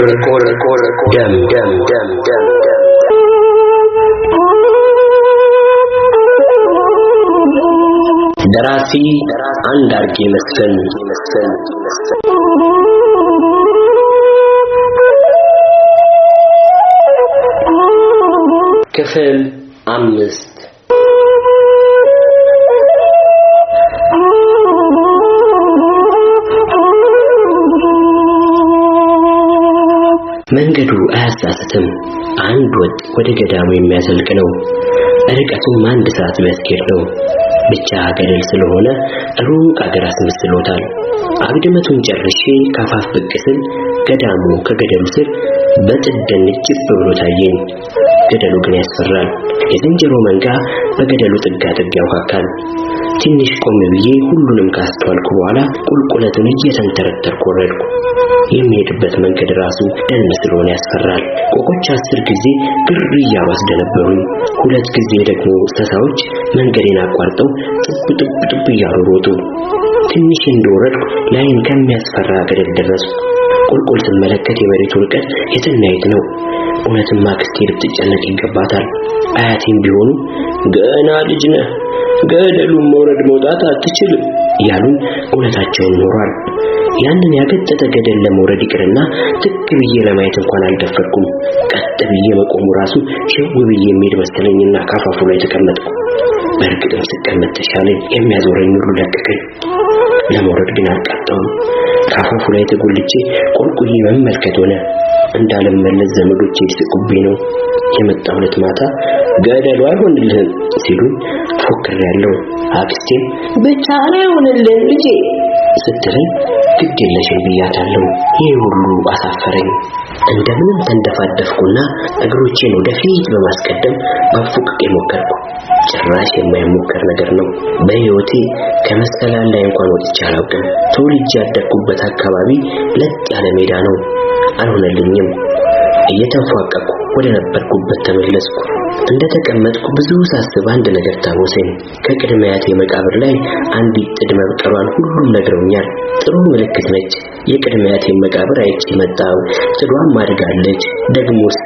دم دم دم دم ደራሲ አንዳርጌ መስፍን كفل አምስት መንገዱ አያሳስትም፣ አንድ ወጥ ወደ ገዳሙ የሚያዘልቅ ነው። ርቀቱም አንድ ሰዓት የሚያስኬድ ነው። ብቻ ገደል ስለሆነ ሩቅ አገር አስመስሎታል። አግድመቱን ጨርሼ ካፋፍ ብቅ ስል ገዳሙ ከገደሉ ስር በጥደን ጭፍ ብሎ ታየኝ። ገደሉ ግን ያስፈራል። የዝንጀሮ መንጋ በገደሉ ጥጋ ጥግ ያውካካል። ትንሽ ቆም ብዬ ሁሉንም ካስተዋልኩ በኋላ ቁልቁለቱን እየተንተረተርኩ ወረድኩ። የሚሄድበት መንገድ ራሱ ደን ስለሆነ ያስፈራል። ቆቆች አስር ጊዜ ግር እያሉ አስደነበሩኝ። ሁለት ጊዜ ደግሞ ሰሳዎች መንገዴን አቋርጠው ጥብ ጥብ ጥብ እያሉ ሮጡ። ትንሽ እንደወረድኩ ላይን ከሚያስፈራ ገደል ደረሱ። ቁልቁል ስመለከት የመሬቱ ርቀት የትናየት ነው። እውነትም አክስቴ ልትጨነቅ ይገባታል። አያቴም ቢሆኑ ገና ልጅ ነህ፣ ገደሉን መውረድ መውጣት አትችልም እያሉን እውነታቸውን ኖሯል። ያንን ያገጠጠ ገደል ለመውረድ ይቅርና ትክ ብዬ ለማየት እንኳን አልደፈርኩም። ቀጥ ብዬ መቆሙ ራሱ ሸው ብዬ የሚሄድ መሰለኝና ካፋፉ ላይ ተቀመጥኩ። በእርግጥም ስቀመጥ ተሻለኝ፣ የሚያዞረኝ ሁሉ ለቀቀኝ። ለመውረድ ግን አልቃጣውም። ካፋፉ ላይ ተጎልቼ ቁልቁዬ መመልከት ሆነ። እንዳልመለስ ዘመዶች ይስቁብኝ ነው። የመጣሁለት ማታ ገደሉ አይሆንልህም ሲሉ ፎክሬያለሁ። ብቻ ነው አይሆንልህም ልጄ ስትለኝ ግድ የለሽም ብያታለሁ። ይህ ሁሉ አሳፈረኝ። እንደምንም ተንደፋደፍኩና እግሮቼን ወደፊት በማስቀደም በፉቅቅ የሞከርኩ ጭራሽ የማይሞከር ነገር ነው። በሕይወቴ ከመሰላል ላይ እንኳን ወጥቼ አላውቅም። ተወልጄ ያደግኩበት አካባቢ ለጥ ያለ ሜዳ ነው። አልሆነልኝም። እየተንፏቀቅኩ ወደ ነበርኩበት ተመለስኩ። እንደተቀመጥኩ ብዙ ሳስብ አንድ ነገር ታወሰኝ። ከቅድመ አያቴ መቃብር ላይ አንዲት ጥድ መብቀሏን ሁሉም ነግረውኛል። ጥሩ ምልክት ነች። የቅድመ አያቴን መቃብር አይቼ መጣው። ጥዷም አድጋለች። ደግሞስ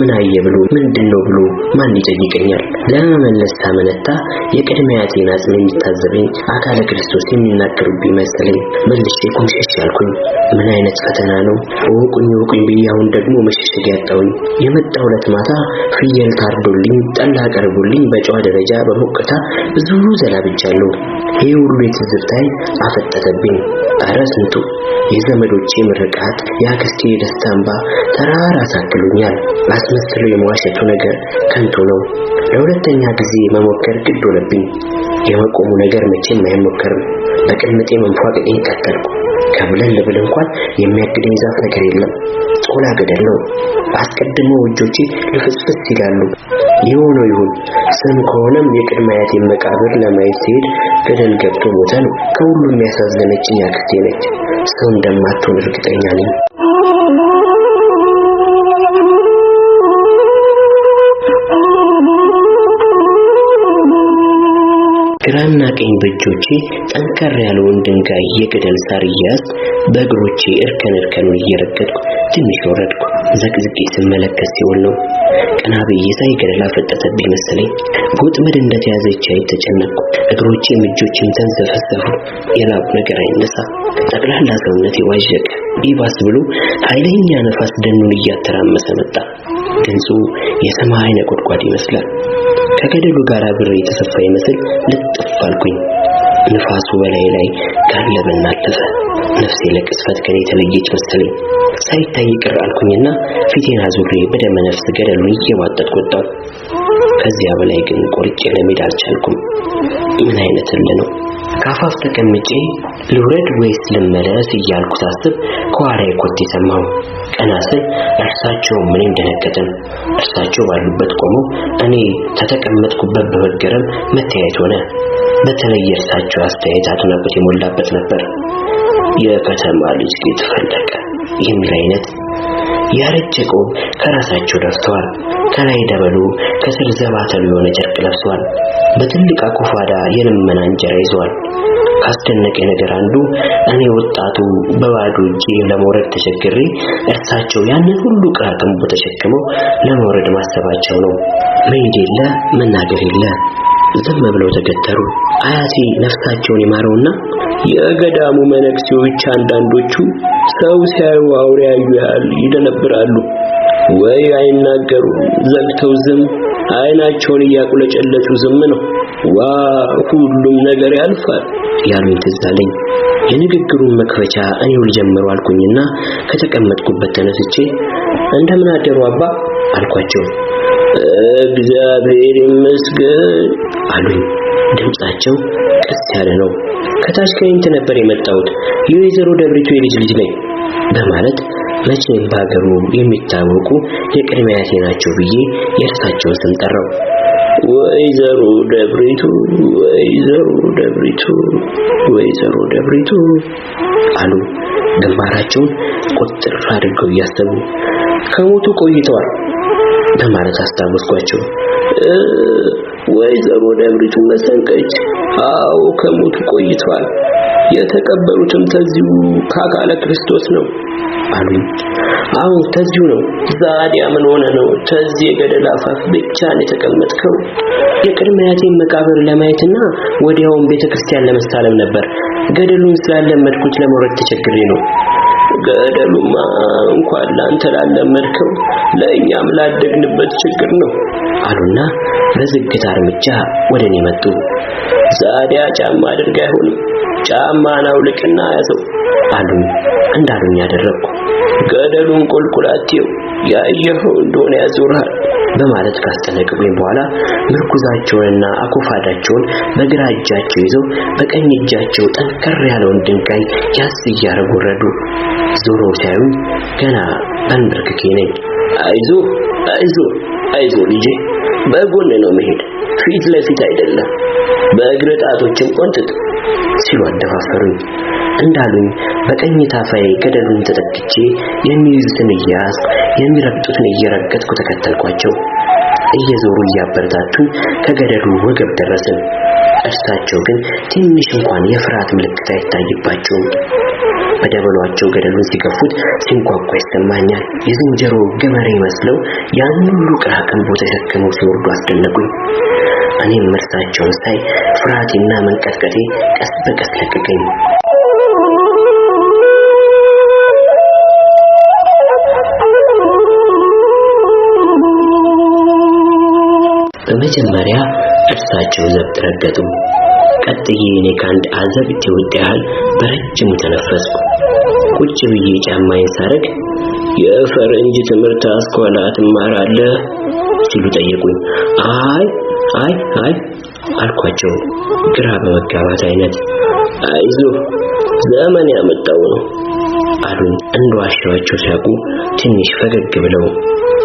ምን አየ ብሎ ምንድን ነው ብሎ ማን ይጠይቀኛል? ለመመለስ ታመነታ የቅድመ አያቴን አጽም የሚታዘበኝ አካለ ክርስቶስ የሚናገሩብኝ መሰለኝ። መልሼ ኩምሽሽ አልኩኝ ምን አይነት ፈተና ነው? እወቁኝ እወቁኝ ብዬ አሁን ደግሞ መሸሸግ ያጣውኝ። የመጣው ዕለት ማታ ፍየል ታርዶልኝ ጠላ ቀርቦልኝ በጨዋ ደረጃ በሞቅታ ብዙ ዘላብቻለሁ። ይህ ሁሉ የትዝብታይ አፈጠተብኝ። ኧረ ስንቱ የዘመዶቼ ምርቃት፣ የአክስቴ የደስታ እንባ ተራራ አሳክሎኛል። አስመስሎ የመዋሸቱ ነገር ከንቱ ነው። ለሁለተኛ ጊዜ መሞከር ግድ ሆነብኝ። የመቆሙ ነገር መቼም አይሞከርም። በቅምጤ መንፏቀቄን ቀጠልኩ። ከብለን ልብል እንኳን የሚያግደኝ ዛፍ ነገር የለም። የሆነ ገደል ነው። አስቀድሞ እጆቼ ልፍስፍስ ይላሉ። የሆነው ይሁን። ስም ከሆነም የቅድመ አያቴን መቃብር ለማየት ሲሄድ ገደል ገብቶ ሞተ ነው። ከሁሉም ያሳዘነችኝ አክስቴ ነች። ሰው እንደማትሆን እርግጠኛ ነኝ። ግራና ቀኝ በእጆቼ ጠንከር ያለውን ድንጋይ የገደል ሳር እያያዝኩ በእግሮቼ እርከን እርከኑን እየረገጥኩ ትንሽ ወረድኩ። ዘቅዝቄ ስመለከት ሲሆን ነው ቀናቤ የሳይ ሳይ ገደል አፈጠጠብኝ መሰለኝ። በወጥመድ እንደተያዘች አይን ተጨነቅኩ። እግሮቼም እጆቼም ተንዘፈዘፉ። የላቁ ነገር አይነሳ። ጠቅላላ ሰውነት ዋዠቀ። ይባስ ብሎ ኃይለኛ ነፋስ ደኑን እያተራመሰ መጣ። ድምፁ የሰማይ ነጎድጓድ ይመስላል። ከገደሉ ጋር ብር የተሰፋ ይመስል ከፍ አልኩኝ። ንፋሱ በላይ ላይ ጋለብና አለፈ። ነፍሴ ለቅስፈት ገና የተለየች መሰለኝ። ሳይታይ ቅር አልኩኝና ፊቴን አዙሬ በደመ ነፍስ ገደሉን እየቧጠጥኩ ወጣሁ። ከዚያ በላይ ግን ቆርጬ ለመሄድ አልቻልኩም። ምን አይነት እልህ ነው! ከአፋፍ ተቀምጬ ልውረድ ወይስ ልመለስ እያልኩ ሳስብ ከኋላዬ ኮቴ ሰማሁ። ቀና ስል እርሳቸውም እኔም ደነገጥን። እርሳቸው ባሉበት ቆመው እኔ ተተቀመጥኩበት በመገረም መተያየት ሆነ። በተለይ የእርሳቸው አስተያየት አድናቆት የሞላበት ነበር። የከተማ ልጅ ጌጥ ፈለቀ የሚል አይነት ያረጀ ቆብ ከራሳቸው ደፍተዋል። ከላይ ደበሉ ከስር ዘባተሉ የሆነ ጨርቅ ለብሰዋል። በትልቅ አኩፋዳ የልመና እንጀራ ይዘዋል። ካስደነቀ ነገር አንዱ እኔ ወጣቱ በባዶ እጄ ለመውረድ ተቸግሬ እርሳቸው ያንን ሁሉ ዕቃ ተሸክመው ለመውረድ ማሰባቸው ነው። መሄድ የለ መናገር የለ ዝም ብለው ተገተሩ። አያቴ ነፍሳቸውን ይማረውና የገዳሙ መነኩሴዎች አንዳንዶቹ ሰው ሲያዩ አውሬ ያዩ ያህል ይደነብራሉ ወይ አይናገሩም። ዘግተው ዝም አይናቸውን እያቁለጨለጩ ዝም ነው። ዋ ሁሉም ነገር ያልፋል ያሉኝ ትዝ አለኝ። የንግግሩን መክፈቻ እኔው ልጀምረው አልኩኝና ከተቀመጥኩበት ተነስቼ እንደምን አደሩ አባ አልኳቸው። እግዚአብሔር ይመስገን አሉኝ። ድምጻቸው ቀስ ያለ ነው። ከታች ከይንት ነበር የመጣሁት የወይዘሮ ደብሪቱ የልጅ ልጅ ነኝ በማለት መቼም በሀገሩ የሚታወቁ የቅድመ ናቸው ብዬ የእርሳቸውን ስም ጠራው። ወይዘሮ ደብሪቱ ወይዘሮ ደብሪቱ ወይዘሮ ደብሪቱ አሉ ግንባራቸውን ቁጥር አድርገው እያሰቡ ከሞቱ ቆይተዋል በማለት አስታወስኳቸው። ወይዘሮ ደብሪቱ መሰንቀች፣ አዎ ከሞቱ ቆይተዋል። የተቀበሩትም ተዚሁ ከአካለ ክርስቶስ ነው አሉኝ። አሁን ተዚሁ ነው። ዛዲያ ምን ሆነ ነው ተዚህ የገደል አፋፍ ብቻን የተቀመጥከው? የቅድመ አያቴን መቃብር ለማየትና ወዲያውም ቤተክርስቲያን ለመሳለም ነበር። ገደሉን ስላለመድኩት ለመውረድ ተቸግሬ ነው ገደሉማ እንኳን ላንተ ላለመድከው ለእኛም ላደግንበት ችግር ነው አሉና በዝግታ እርምጃ ወደ እኔ መጡ። ዛዲያ ጫማ አድርግ አይሆንም፣ ጫማን ያዘው አሉኝ። እንዳሉኝ ያደረግኩ ገደሉን ቁልቁላቴው ያየኸው እንደሆነ ያዞርሃል በማለት ካስጠነቀቁኝ በኋላ ምርኩዛቸውንና አኮፋዳቸውን በግራ እጃቸው ይዘው በቀኝ እጃቸው ጠንከር ያለውን ድንጋይ ያዝ እያደረጉ ወረዱ። ዞሮ ሲያዩኝ ገና ተንበርክኬ ነኝ። አይዞ አይዞ አይዞ ልጄ፣ በጎን ነው መሄድ፣ ፊት ለፊት አይደለም፣ በእግር ጣቶችም ቆንጥጥ ሲሉ አደፋፈሩኝ። እንዳሉኝ በቀኝ ታፋዬ ገደሉን ተጠግቼ የሚይዙትን እየያዝኩ የሚረግጡትን እየረገጥኩ ተከተልኳቸው። እየዞሩ እያበረታቱን ከገደሉ ወገብ ደረስን። እርሳቸው ግን ትንሽ እንኳን የፍርሃት ምልክት አይታይባቸውም። በደበሏቸው ገደሉን ሲገፉት ሲንኳኳ ይሰማኛል። የዝንጀሮ ገበሬ መስለው ያን ሁሉ ቅራቅም ቦታ ተሸክመው ሲወርዱ አስደነቁኝ። እኔም እርሳቸውን ሳይ ፍርሃቴና መንቀጥቀጤ ቀስ በቀስ ለቀቀኝ። በመጀመሪያ እርሳቸው ዘብጥ ረገጡ። ቀጥዬ እኔ ከአንድ አዘብት ውጥ ያህል በረጅሙ ተነፈስኩ። ቁጭ ብዬ ጫማዬን ሳረግ የፈረንጅ ትምህርት አስኳላ ትማራለህ ሲሉ ጠየቁኝ። አይ አይ አይ አልኳቸው ግራ በመጋባት አይነት። አይዞ ዘመን ያመጣው ነው አሉኝ። እንደዋሻቸው ሲያውቁ ትንሽ ፈገግ ብለው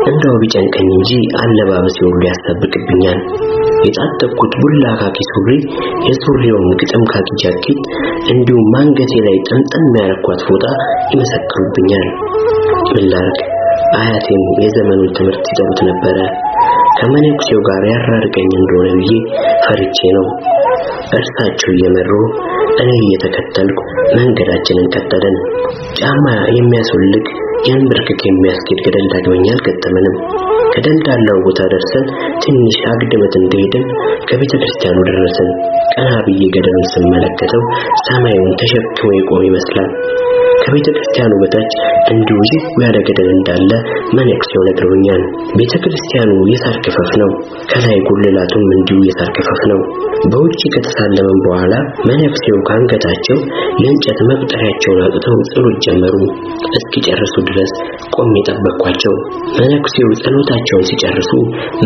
እንደው ቢጨንቀኝ እንጂ አለባበሴ ሁሉ ያስጠብቅብኛል። የታጠቅኩት ቡላ ካኪ ሱሪ፣ የሱሪውን ግጥም ካኪ ጃኬት፣ እንዲሁም ማንገቴ ላይ ጥምጥም ያረኳት ፎጣ ይመሰክሩብኛል። ምን ላድርግ? አያቴም የዘመኑን ትምህርት ይጠሩት ነበረ። ከመነኩሴው ጋር ያራርቀኝ እንደሆነ ብዬ ፈርቼ ነው። እርሳቸው እየመሩ እኔ እየተከተልኩ መንገዳችንን ቀጠልን። ጫማ የሚያስወልቅ ያን ብርክክ የሚያስኬድ ገደል ዳግመኛ አልገጠመንም። ገደል ዳለው ቦታ ደርሰን ትንሽ አግድመት እንደሄድን ከቤተ ክርስቲያኑ ደረስን። ቀና ብዬ ገደሉን ስመለከተው ሰማዩን ተሸክሞ የቆመ ይመስላል። ከቤተ ክርስቲያኑ በታች እንዲሁ ይህ ገደል እንዳለ መነኩሴው ነግረውኛል። ቤተ ክርስቲያኑ የሳር ክፈፍ ነው። ከላይ ጉልላቱም እንዲሁ የሳር ክፈፍ ነው። በውጪ ከተሳለመን በኋላ መነኩሴው ካንገታቸው የእንጨት መቁጠሪያቸውን አውጥተው ጸሎት ጀመሩ። እስኪጨርሱ ድረስ ቆም ጠበቅኳቸው። መነኩሴው ጸሎታቸውን ሲጨርሱ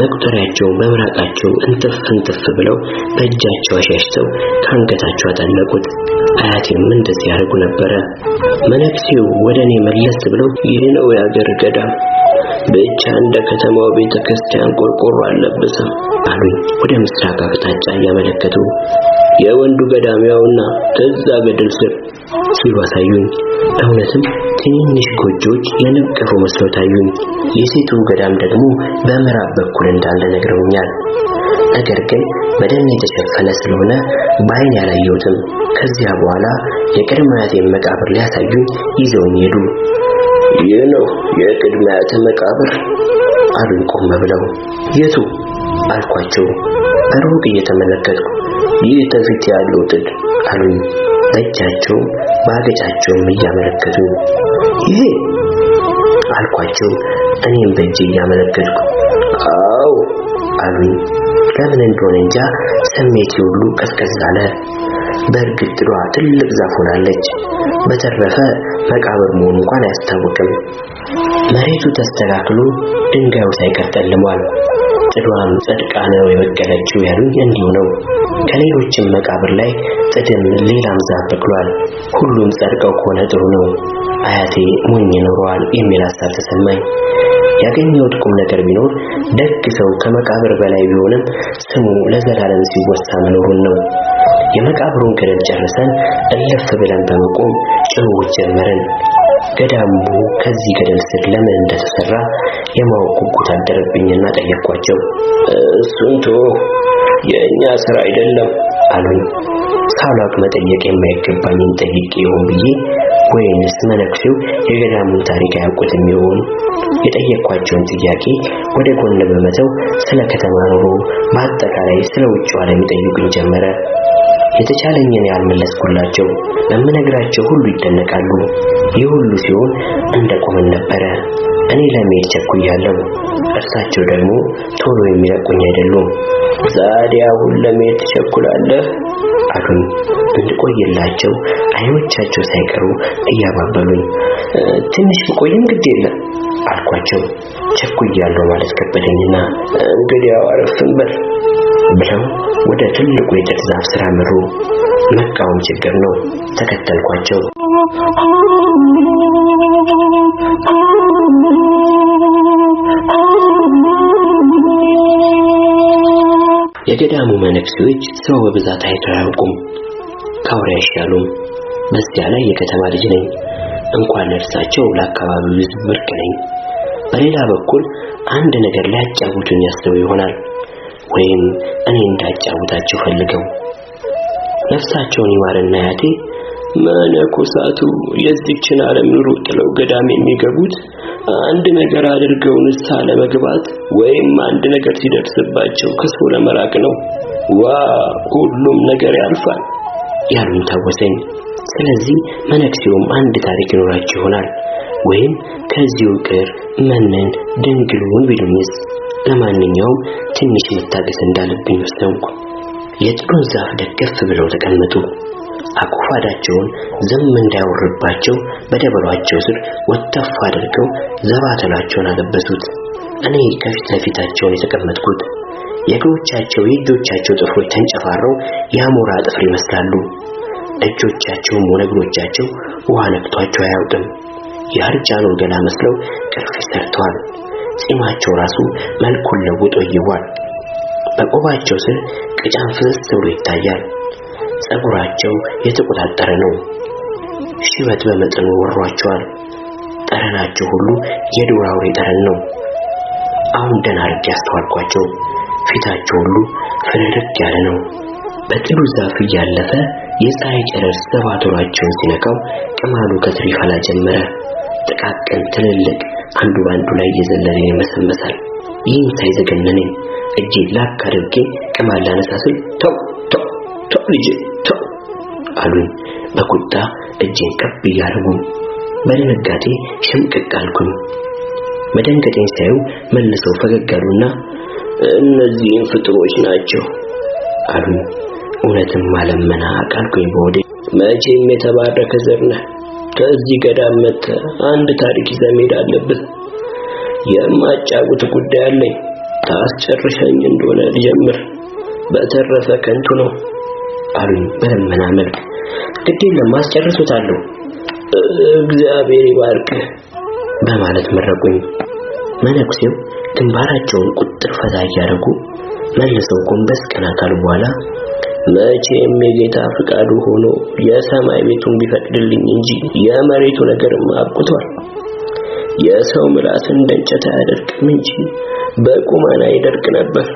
መቁጠሪያቸውን በምራቃቸው እንትፍ እንትፍ ብለው በእጃቸው አሻሽተው ካንገታቸው አጠለቁት። አያቴም እንደዚህ ያደርጉ ነበረ። መነኩሴው ወደ እኔ መለስ ብለው ይህ ነው የአገር ገዳም ብቻ እንደ ከተማው ቤተ ክርስቲያን ቆርቆሮ አልለበሰም አሉኝ ወደ ምስራቅ አቅጣጫ እያመለከቱ የወንዱ ገዳም ያውና ከዛ ገደል ስር ሲሉ አሳዩኝ። እውነትም ትንንሽ ጎጆች የነቀፉ መስለው ታዩኝ። የሴቱ ገዳም ደግሞ በምዕራብ በኩል እንዳለ ነግረውኛል። ነገር ግን በደን የተሸፈነ ስለሆነ በአይን ያላየሁትም። ከዚያ በኋላ የቅድመ አያቴን መቃብር ሊያሳዩኝ ይዘውኝ ሄዱ። ይህ ነው የቅድመ አያቴ መቃብር አሉኝ ቆመ ብለው። የቱ አልኳቸው በሩቅ እየተመለከትኩ። ይህ ከፊት ያለው ጥድ አሉኝ በእጃቸው በአገጫቸውም እያመለከቱ። ይሄ አልኳቸው እኔም በእጅ እያመለከትኩ አዎ አሉኝ። ከምን እንደሆነ እንጃ ስሜቴ ሁሉ ቀዝቀዝ አለ። በእርግጥ ድሯ ትልቅ ዛፍ ሆናለች። በተረፈ መቃብር መሆኑ እንኳን አያስታውቅም። መሬቱ ተስተካክሎ ድንጋዩ ሳይቀር ጠልሟል። ጥዷም ጸድቃ ነው የበቀለችው ያሉኝ እንዲሁ ነው። ከሌሎችም መቃብር ላይ ጥድም ሌላም ዛፍ በቅሏል። ሁሉም ጸድቀው ከሆነ ጥሩ ነው። አያቴ ሞኝ ኖረዋል የሚል ሀሳብ ተሰማኝ። ያገኘሁት ቁም ነገር ቢኖር ደግ ሰው ከመቃብር በላይ ቢሆንም ስሙ ለዘላለም ሲወሳ መኖሩን ነው። የመቃብሩን ገደል ጨርሰን እልፍ ብለን በመቆም ጭውውት ጀመርን። ገዳሙ ከዚህ ገደል ስር ለምን እንደተሰራ የማወቅ ጉጉት አደረብኝና ጠየኳቸው። እሱን ቶ የእኛ ስራ አይደለም አሉኝ። ሳላቅ መጠየቅ የማይገባኝን ጠይቄ ይሆን ብዬ ወይንስ መነኩሴው የገዳሙን ታሪክ አያውቁትም ይሆን? የጠየኳቸውን ጥያቄ ወደ ጎን በመተው ስለ ከተማ ኑሮ፣ በአጠቃላይ ስለ ውጭው ዓለም ይጠይቁኝ ጀመረ። የተቻለኝን ያልመለስኩላቸው፣ በምነግራቸው ሁሉ ይደነቃሉ። ይህ ሁሉ ሲሆን እንደቆምን ነበረ። እኔ ለመሄድ ቸኩያለሁ፣ እርሳቸው ደግሞ ቶሎ የሚለቁኝ አይደሉም። ዛዲያ አሁን ለመሄድ ትቸኩላለህ አሉኝ። ብንቆየላቸው አይኖቻቸው ሳይቀሩ እያባበሉኝ ትንሽ ብቆይም ግድ የለም አልኳቸው። ቸኩያለሁ ማለት ከበደኝና እንግዲያው አረፍ በል ብለው ወደ ትልቁ የጥድ ዛፍ ስራ ምሩ። መቃወም ችግር ነው። ተከተልኳቸው። የገዳሙ መነኩሴዎች ሰው በብዛት አይቶ አያውቁም። ካውሪ አይሻሉም። በዚያ ላይ የከተማ ልጅ ነኝ። እንኳን ለእርሳቸው ለአካባቢው ሕዝብ ብርቅ ነኝ። በሌላ በኩል አንድ ነገር ላይ አጫውቱኝ ያስበው ይሆናል ወይም እኔ እንዳጫውታቸው ፈልገው ነፍሳቸውን ይማርና ያቴ መነኮሳቱ የዚችን ዓለም ኑሮ ጥለው ገዳም የሚገቡት አንድ ነገር አድርገው ንስሐ ለመግባት ወይም አንድ ነገር ሲደርስባቸው ከሰው ለመራቅ ነው። ዋ ሁሉም ነገር ያልፋል። ያሉኝ ታወሰኝ። ስለዚህ መነኩሴውም አንድ ታሪክ ይኖራቸው ይሆናል ወይም ከዚሁ ቅር መነን ድንግሉን ቢሉኝስ። ለማንኛውም ትንሽ መታገስ እንዳለብኝ ወሰንኩ። የጥዱን ዛፍ ደገፍ ብለው ተቀመጡ። አኩፋዳቸውን ዝም እንዳያወርባቸው በደበሏቸው ስር ወተፍ አድርገው ዘባተላቸውን አለበሱት። እኔ ከፊት ለፊታቸውን የተቀመጥኩት የእግሮቻቸው የእጆቻቸው ጥፍሮች ተንጨፋረው የአሞራ ጥፍር ይመስላሉ። እጆቻቸውም ሆነ እግሮቻቸው ውሃ ነክቷቸው አያውቅም። የአርጃኖ ገላ መስለው ቅርፊት ሰርተዋል። ጺማቸው ራሱ መልኩን ለውጦ ይዋል። በቆባቸው ስር ቅጫን ፍሰስ ብሎ ይታያል። ጸጉራቸው የተቆጣጠረ ነው። ሽበት በመጠኑ ወሯቸዋል። ጠረናቸው ሁሉ የዱር አውሬ ጠረን ነው። አሁን ደህና አድርጌ ያስተዋልኳቸው። ፊታቸው ሁሉ ፍንድቅ ያለ ነው። በጥዱ ዛፍ እያለፈ የፀሐይ ጨረር ዘባቶራቸውን ሲነካው ቅማሉ ከትር ይፈላ ጀመረ። ጥቃቅን ትልልቅ አንዱ በአንዱ ላይ እየዘለለ ይመሰመሳል። ይህን ሳይዘገነነኝ እጄ ላክ አድርጌ ቅማል ላነሳስል ተው ተው ተው ልጄ ተው አሉኝ በቁጣ እጄን ከፍ እያደረጉ። በድንጋጤ ሽምቅቅ አልኩኝ። መደንገጤን ሳዩ መልሰው ፈገግ አሉና እነዚህን ፍጥሮች ናቸው አሉ። እውነትም ማለመና አቃልኩኝ። በወደ መቼም የተባረከ ዘርነ ነህ። ከዚህ ገዳም መጥተህ አንድ ታሪክ ይዘህ መሄድ አለብህ። የማጫውት ጉዳይ አለኝ። ታስጨርሸኝ እንደሆነ ልጀምር፣ በተረፈ ከንቱ ነው አሉኝ በለመና መልክ። ግድ የለም አስጨርሱታለሁ፣ እግዚአብሔር ይባርክህ በማለት መረቁኝ። መነኩሴው ግንባራቸውን ቁጥር ፈታ እያደረጉ መልሰው ጎንበስ ቀና ካሉ በኋላ መቼም የጌታ ፍቃዱ ሆኖ የሰማይ ቤቱን ቢፈቅድልኝ እንጂ የመሬቱ ነገርም አብቅቷል። የሰው ምላስ እንደ እንጨት አያደርቅም እንጂ በቁመና ይደርቅ ነበር፣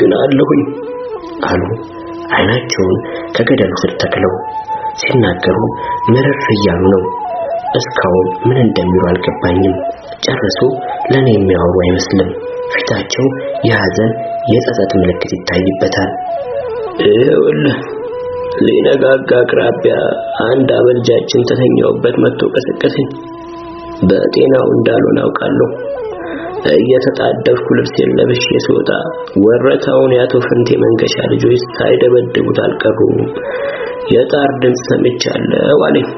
ግን አለሁኝ አሉ። አይናቸውን ከገደሉ ስር ተክለው ሲናገሩ መረር እያሉ ነው። እስካሁን ምን እንደሚሉ አልገባኝም። ጨርሶ ለእኔ የሚያወሩ አይመስልም። ፊታቸው የሐዘን የጸጸት ምልክት ይታይበታል። ይኸውልህ ሊነጋጋ አቅራቢያ አንድ አበልጃችን ተተኛውበት መጥቶ ቀሰቀሰኝ። በጤናው እንዳልሆን አውቃለሁ። እየተጣደፍኩ ልብሴን ለብሼ ስወጣ ወረታውን የአቶ ፍንቴ መንገሻ ልጆች ሳይደበድቡት አልቀሩም። የጣር ድምፅ ሰምቻለሁ አለኝ።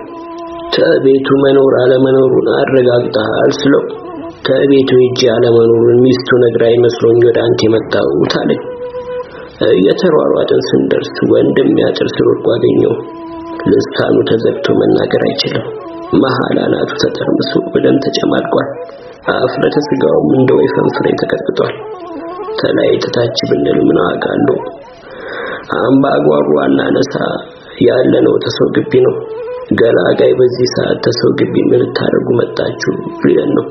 ከቤቱ መኖር አለመኖሩን አረጋግጠሃል ስለው ከቤቱ ሂጄ አለመኖሩን ሚስቱ ነግራ መስሎኝ ወደ አንተ የመጣሁት አለኝ። እየተሯሯጥን ስንደርስ ወንድም ያጥር ስር አገኘው። ልሳኑ ተዘግቶ መናገር አይችልም። መሀል አናቱ ተጠርምሶ በደም ተጨማድቋል። አፍረተ ስጋውም እንደ ወይፈን ፍሬ ተቀጥቅጧል። ከላይ ተታች ብንል ምን ዋጋ አለው? አምባጓሮ ዋና ያለነው ተሰው ግቢ ነው። ገላጋይ በዚህ ሰዓት ተሰው ግቢ ምን ልታደርጉ መጣችሁ ሊለን ነው።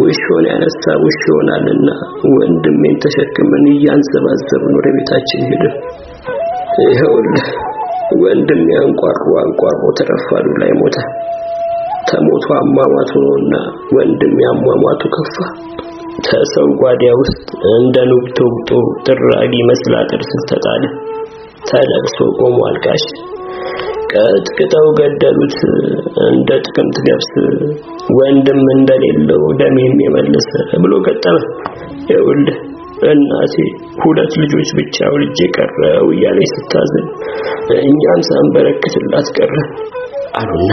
ውሾን ያነሳ ውሽ ይሆናልና ወንድሜን ተሸክመን እያንዘባዘብን ወደ ቤታችን ሄድን። ይኸውልህ ወንድሜ አንቋሮ አንቋሮ ተረፋዱ ላይ ሞተ። ተሞቱ አሟሟቱ ነውና ወንድሜ አሟሟቱ ከፋ። ተሰው ጓዳ ውስጥ እንደ ኑግ ተውጦ ጥራጊ መስላ ጥርስ ተጣለ። ተለቅሶ ቆሞ አልቃሽ ቀጥቅጠው ገደሉት እንደ ጥቅምት ገብስ ወንድም እንደሌለው ደሜን የመለሰ ብሎ ገጠመ። ይኸውልህ እናቴ ሁለት ልጆች ብቻ ወልጄ ቀረው እያለች ስታዝን እኛም ሳንበረክትላት ቀረ አሉና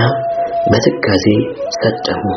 በትካዜ ሰጠሙ።